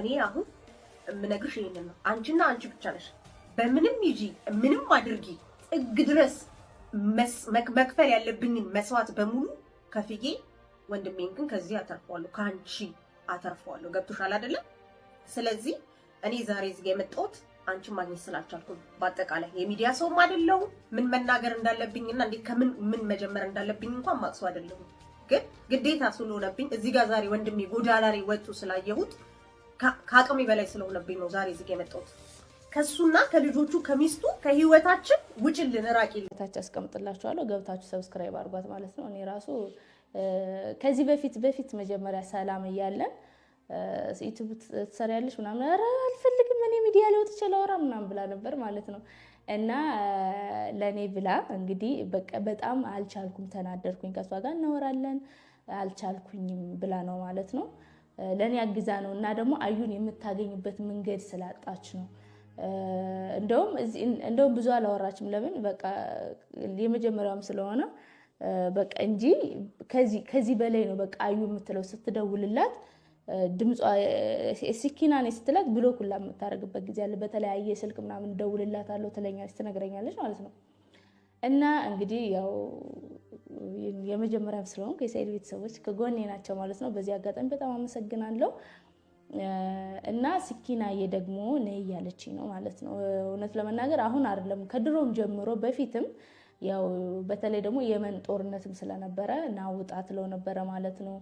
እኔ አሁን የምነግርሽ ይሄንን ነው። አንቺና አንቺ ብቻ ነሽ። በምንም ይጂ ምንም አድርጊ ጥግ ድረስ መክፈል ያለብኝን መስዋዕት በሙሉ ከፍዬ ወንድሜን ግን ከዚህ አተርፈዋለሁ፣ ከአንቺ አተርፈዋለሁ። ገብቶሻል አይደለም? ስለዚህ እኔ ዛሬ እዚህ ጋ የመጣሁት አንቺን ማግኘት ስላልቻልኩ በአጠቃላይ የሚዲያ ሰውም አይደለሁም። ምን መናገር እንዳለብኝና እንዴት ከምን ምን መጀመር እንዳለብኝ እንኳን ማቅሱ አይደለሁም። ግን ግዴታ ስለሆነብኝ እዚህ ጋር ዛሬ ወንድሜ ጎዳና ወጡ ስላየሁት ከአቅሜ በላይ ስለሆነብኝ ነው ዛሬ እዚህ የመጣሁት። ከሱና ከልጆቹ ከሚስቱ ከህይወታችን ውጭልን፣ ራቂልን። ታች አስቀምጥላችኋለሁ ገብታችሁ ሰብስክራይብ አድርጓት ማለት ነው። እኔ ራሱ ከዚህ በፊት በፊት መጀመሪያ ሰላም እያለን ዩቱብ ትሰሪያለሽ ምናምን፣ ኧረ አልፈልግም እኔ ሚዲያ ሊወጥ ይችላወራ ምናምን ብላ ነበር ማለት ነው። እና ለእኔ ብላ እንግዲህ በጣም አልቻልኩም፣ ተናደርኩኝ፣ ከሷ ጋር እናወራለን አልቻልኩኝም ብላ ነው ማለት ነው። ለእኔ አግዛ ነው እና ደግሞ አዩን የምታገኝበት መንገድ ስላጣች ነው። እንደውም ብዙ አላወራችም። ለምን በቃ የመጀመሪያውም ስለሆነ በቃ እንጂ ከዚህ በላይ ነው። በቃ አዩ የምትለው ስትደውልላት ድምጿ ሲኪና ስትላት ብሎክ ሁላ የምታደርግበት ጊዜ አለ። በተለያየ ስልክ ምናምን ደውልላት አለው ትለኛለች፣ ትነግረኛለች ማለት ነው እና እንግዲህ ያው የመጀመሪያ ስለሆንኩ የሰኢድ ቤተሰቦች ከጎኔ ናቸው ማለት ነው። በዚህ አጋጣሚ በጣም አመሰግናለሁ። እና ስኪናዬ ደግሞ ነይ እያለችኝ ነው ማለት ነው። እውነት ለመናገር አሁን አይደለም ከድሮም ጀምሮ በፊትም ያው በተለይ ደግሞ የመን ጦርነትም ስለነበረ ና ውጣ ትለው ነበረ ማለት ነው።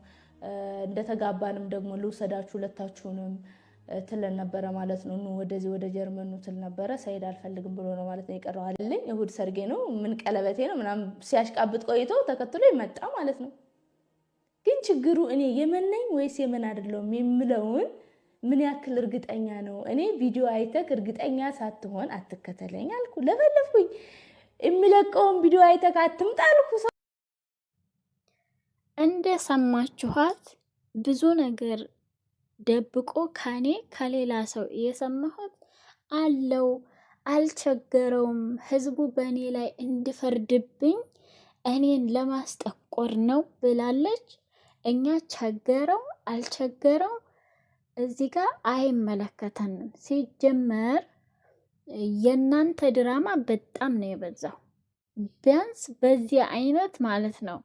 እንደተጋባንም ደግሞ ልውሰዳችሁ ሁለታችሁንም ትለን ነበረ ማለት ነው። ወደዚህ ወደ ጀርመኑ ትል ነበረ። ሰይድ አልፈልግም ብሎ ነው ማለት ነው የቀረው አለኝ። እሁድ ሰርጌ ነው ምን ቀለበቴ ነው ምናምን ሲያሽቃብጥ ቆይቶ ተከትሎ ይመጣ ማለት ነው። ግን ችግሩ እኔ የመን ነኝ ወይስ የመን አይደለሁም የምለውን ምን ያክል እርግጠኛ ነው? እኔ ቪዲዮ አይተክ እርግጠኛ ሳትሆን አትከተለኝ አልኩ። ለፈለፍኩኝ የሚለቀውን ቪዲዮ አይተክ አትምጣ አልኩ። ሰው እንደ ሰማችኋት ብዙ ነገር ደብቆ ከኔ ከሌላ ሰው እየሰማሁት አለው አልቸገረውም። ህዝቡ በእኔ ላይ እንድፈርድብኝ እኔን ለማስጠቆር ነው ብላለች። እኛ ቸገረው አልቸገረው እዚህ ጋር አይመለከተንም። ሲጀመር የእናንተ ድራማ በጣም ነው የበዛው። ቢያንስ በዚህ አይነት ማለት ነው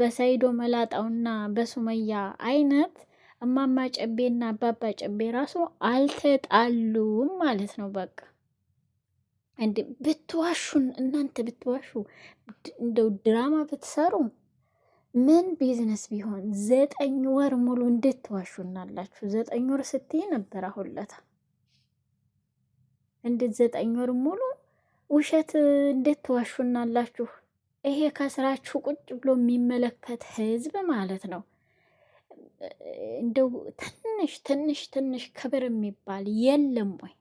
በሰይዶ መላጣውና በሱመያ አይነት እማማ ጨቤና አባባ ጨቤ ራሱ አልተጣሉም ማለት ነው። በቃ እንደ ብትዋሹን እናንተ ብትዋሹ እንደው ድራማ ብትሰሩ ምን ቢዝነስ ቢሆን ዘጠኝ ወር ሙሉ እንዴት ትዋሹናላችሁ? ዘጠኝ ወር ስትይ ነበር አሁን ለታ እንዴት ዘጠኝ ወር ሙሉ ውሸት እንዴት ትዋሹናላችሁ? ይሄ ከስራችሁ ቁጭ ብሎ የሚመለከት ህዝብ ማለት ነው። እንደው ትንሽ ትንሽ ትንሽ ክብር የሚባል የለም ወይ?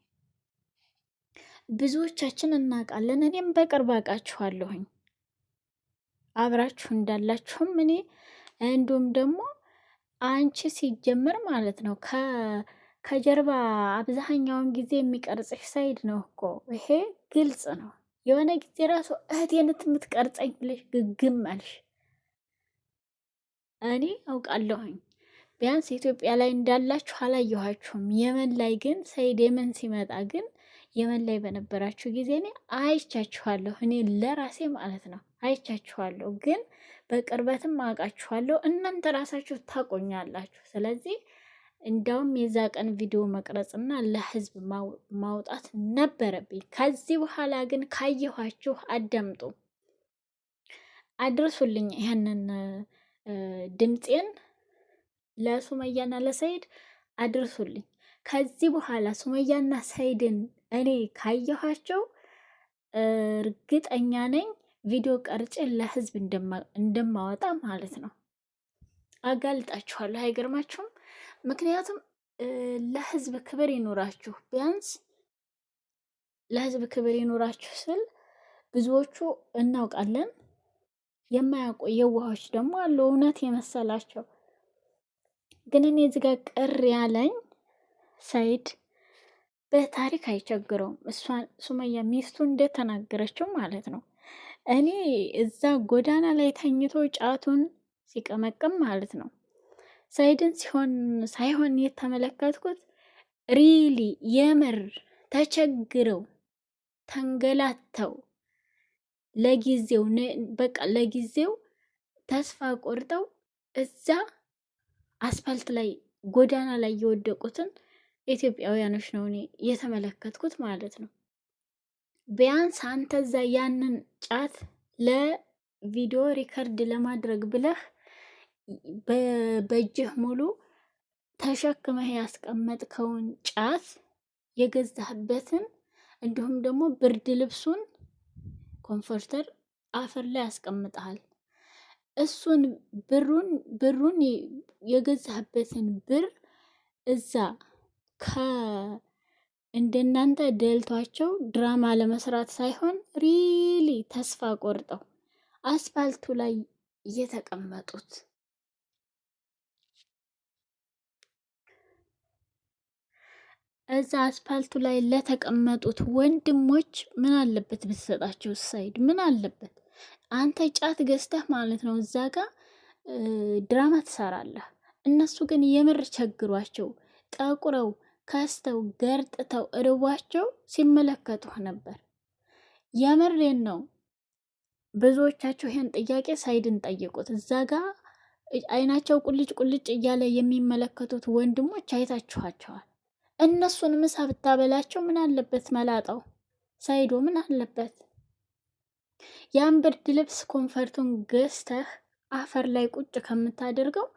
ብዙዎቻችን እናውቃለን። እኔም በቅርብ አውቃችኋለሁኝ አብራችሁ እንዳላችሁም እኔ እንዲሁም ደግሞ አንቺ ሲጀመር ማለት ነው ከጀርባ አብዛኛውን ጊዜ የሚቀርጽሽ ሳይድ ነው እኮ ይሄ ግልጽ ነው። የሆነ ጊዜ ራሱ እህቴነት የምትቀርጸኝ ብለሽ ግግም አልሽ። እኔ አውቃለሁኝ ቢያንስ ኢትዮጵያ ላይ እንዳላችሁ አላየኋችሁም። የመን ላይ ግን ሰይድ የመን ሲመጣ ግን የመን ላይ በነበራችሁ ጊዜ እኔ አይቻችኋለሁ። እኔ ለራሴ ማለት ነው አይቻችኋለሁ፣ ግን በቅርበትም አውቃችኋለሁ። እናንተ ራሳችሁ ታቆኛላችሁ። ስለዚህ እንዳውም የዛ ቀን ቪዲዮ መቅረጽና ለህዝብ ማውጣት ነበረብኝ። ከዚህ በኋላ ግን ካየኋችሁ አዳምጡ፣ አድርሱልኝ ይህንን ድምፄን ለሱመያና ለሰይድ አድርሱልኝ። ከዚህ በኋላ ሱመያና ሰይድን እኔ ካየኋቸው እርግጠኛ ነኝ ቪዲዮ ቀርጬ ለህዝብ እንደማወጣ ማለት ነው። አጋልጣችኋለሁ። አይገርማችሁም? ምክንያቱም ለህዝብ ክብር ይኖራችሁ፣ ቢያንስ ለህዝብ ክብር ይኖራችሁ ስል ብዙዎቹ እናውቃለን፣ የማያውቁ የዋሆች ደግሞ አሉ እውነት የመሰላቸው ግን እኔ እዚህ ጋር ቅር ያለኝ ሰይድ በታሪክ አይቸግረውም። እሷን ሱመያ ሚስቱ እንደተናገረችው ማለት ነው። እኔ እዛ ጎዳና ላይ ተኝቶ ጫቱን ሲቀመቅም ማለት ነው ሰይድን ሲሆን ሳይሆን የተመለከትኩት ሪሊ የምር ተቸግረው ተንገላተው ለጊዜው በቃ ለጊዜው ተስፋ ቆርጠው እዛ አስፋልት ላይ ጎዳና ላይ የወደቁትን ኢትዮጵያውያኖች ነው እኔ እየተመለከትኩት ማለት ነው። ቢያንስ አንተ እዛ ያንን ጫት ለቪዲዮ ሪከርድ ለማድረግ ብለህ በእጅህ ሙሉ ተሸክመህ ያስቀመጥከውን ጫት የገዛህበትን እንዲሁም ደግሞ ብርድ ልብሱን ኮንፎርተር አፈር ላይ ያስቀምጠሃል። እሱን ብሩን ብሩን የገዛህበትን ብር እዛ እንደናንተ ደልቷቸው ድራማ ለመስራት ሳይሆን ሪሊ ተስፋ ቆርጠው አስፋልቱ ላይ እየተቀመጡት እዛ አስፋልቱ ላይ ለተቀመጡት ወንድሞች ምን አለበት ብትሰጣቸው? ሳይድ ምን አለበት? አንተ ጫት ገዝተህ ማለት ነው እዛ ጋ ድራማ ትሰራለህ። እነሱ ግን የምር ቸግሯቸው ጠቁረው ከስተው ገርጥተው እርቧቸው ሲመለከቱህ ነበር። የምሬን ነው። ብዙዎቻቸው ይህን ጥያቄ ሳይድን ጠይቁት። እዛ ጋ አይናቸው ቁልጭ ቁልጭ እያለ የሚመለከቱት ወንድሞች አይታችኋቸዋል። እነሱን ምሳ ብታበላቸው ምን አለበት? መላጣው ሳይዶ ምን አለበት? ያን ብርድ ልብስ ኮንፈርቱን ገዝተህ አፈር ላይ ቁጭ ከምታደርገው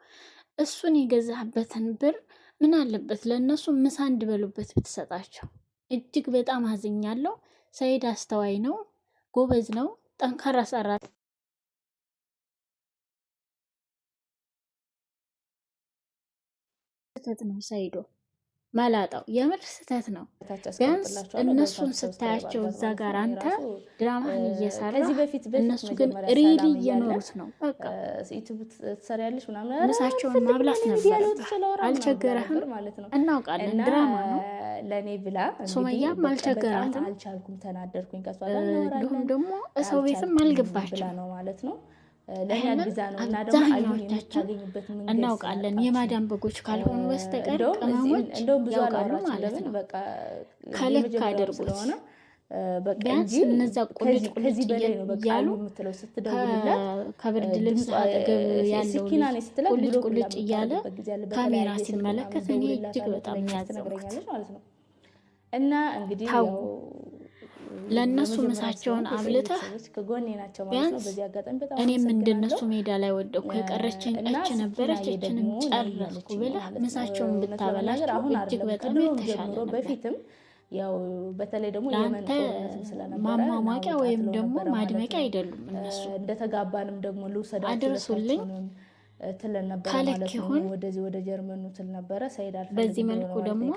እሱን የገዛህበትን ብር ምን አለበት ለእነሱ ምሳ እንዲበሉበት ብትሰጣቸው። እጅግ በጣም አዝኛለሁ። ሰይድ አስተዋይ ነው፣ ጎበዝ ነው፣ ጠንካራ ሰራተኛ ነው። ሰይዶ መላጣው የምር ስህተት ነው። ቢያንስ እነሱን ስታያቸው እዛ ጋር አንተ ድራማህን እየሰራ እነሱ ግን ሪሊ እየኖሩት ነው። በቃ ምሳቸውን ማብላት ነበር። አልቸገረህም፣ እናውቃለን፣ ድራማ ነው። ለእኔ ብላ ሱመያም አልቸገራትም። አልቻልኩም፣ ተናደርኩኝ፣ እንዲሁም ደግሞ እሰው ቤትም አልገባችም ነው ማለት ነው። እናውቃለን። የማዳም በጎች ካልሆኑ በስተቀር ቅመሞች ያውቃሉ ማለት ነው። ከልክ አድርጎት ቢያንስ እነዛ ቁልጭ ቁልጭ እያሉ ከብርድ ልብስ አጠገብ ያለው ቁልጭ ቁልጭ እያለ ካሜራ ሲመለከት እኔ እጅግ በጣም ያዘንኩት እና እንግዲህ ለእነሱ ምሳቸውን አብልተህ ቢያንስ እኔም እንደነሱ ሜዳ ላይ ወደኩ የቀረችን እች ነበረች እችንም ጨረስኩ ብለህ ምሳቸውን ብታበላቸው እጅግ በጣም የተሻለ ነበር። በተለይ ደግሞ ለአንተ ማሟሟቂያ ወይም ደግሞ ማድመቂያ አይደሉም። እነሱ እንደተጋባንም ደግሞ ልውሰዳቸው አድርሱልኝ ትል ነበር ማለት ነው። ወደዚህ ወደ ጀርመኑ ትል ነበረ። በዚህ መልኩ ደግሞ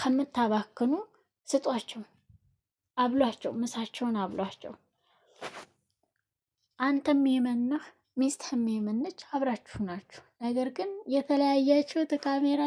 ከምታባክኑ ስጧቸው፣ አብሏቸው፣ ምሳቸውን አብሏቸው። አንተም የመናህ ሚስትህም የመነች አብራችሁ ናችሁ። ነገር ግን የተለያያችሁት ካሜራ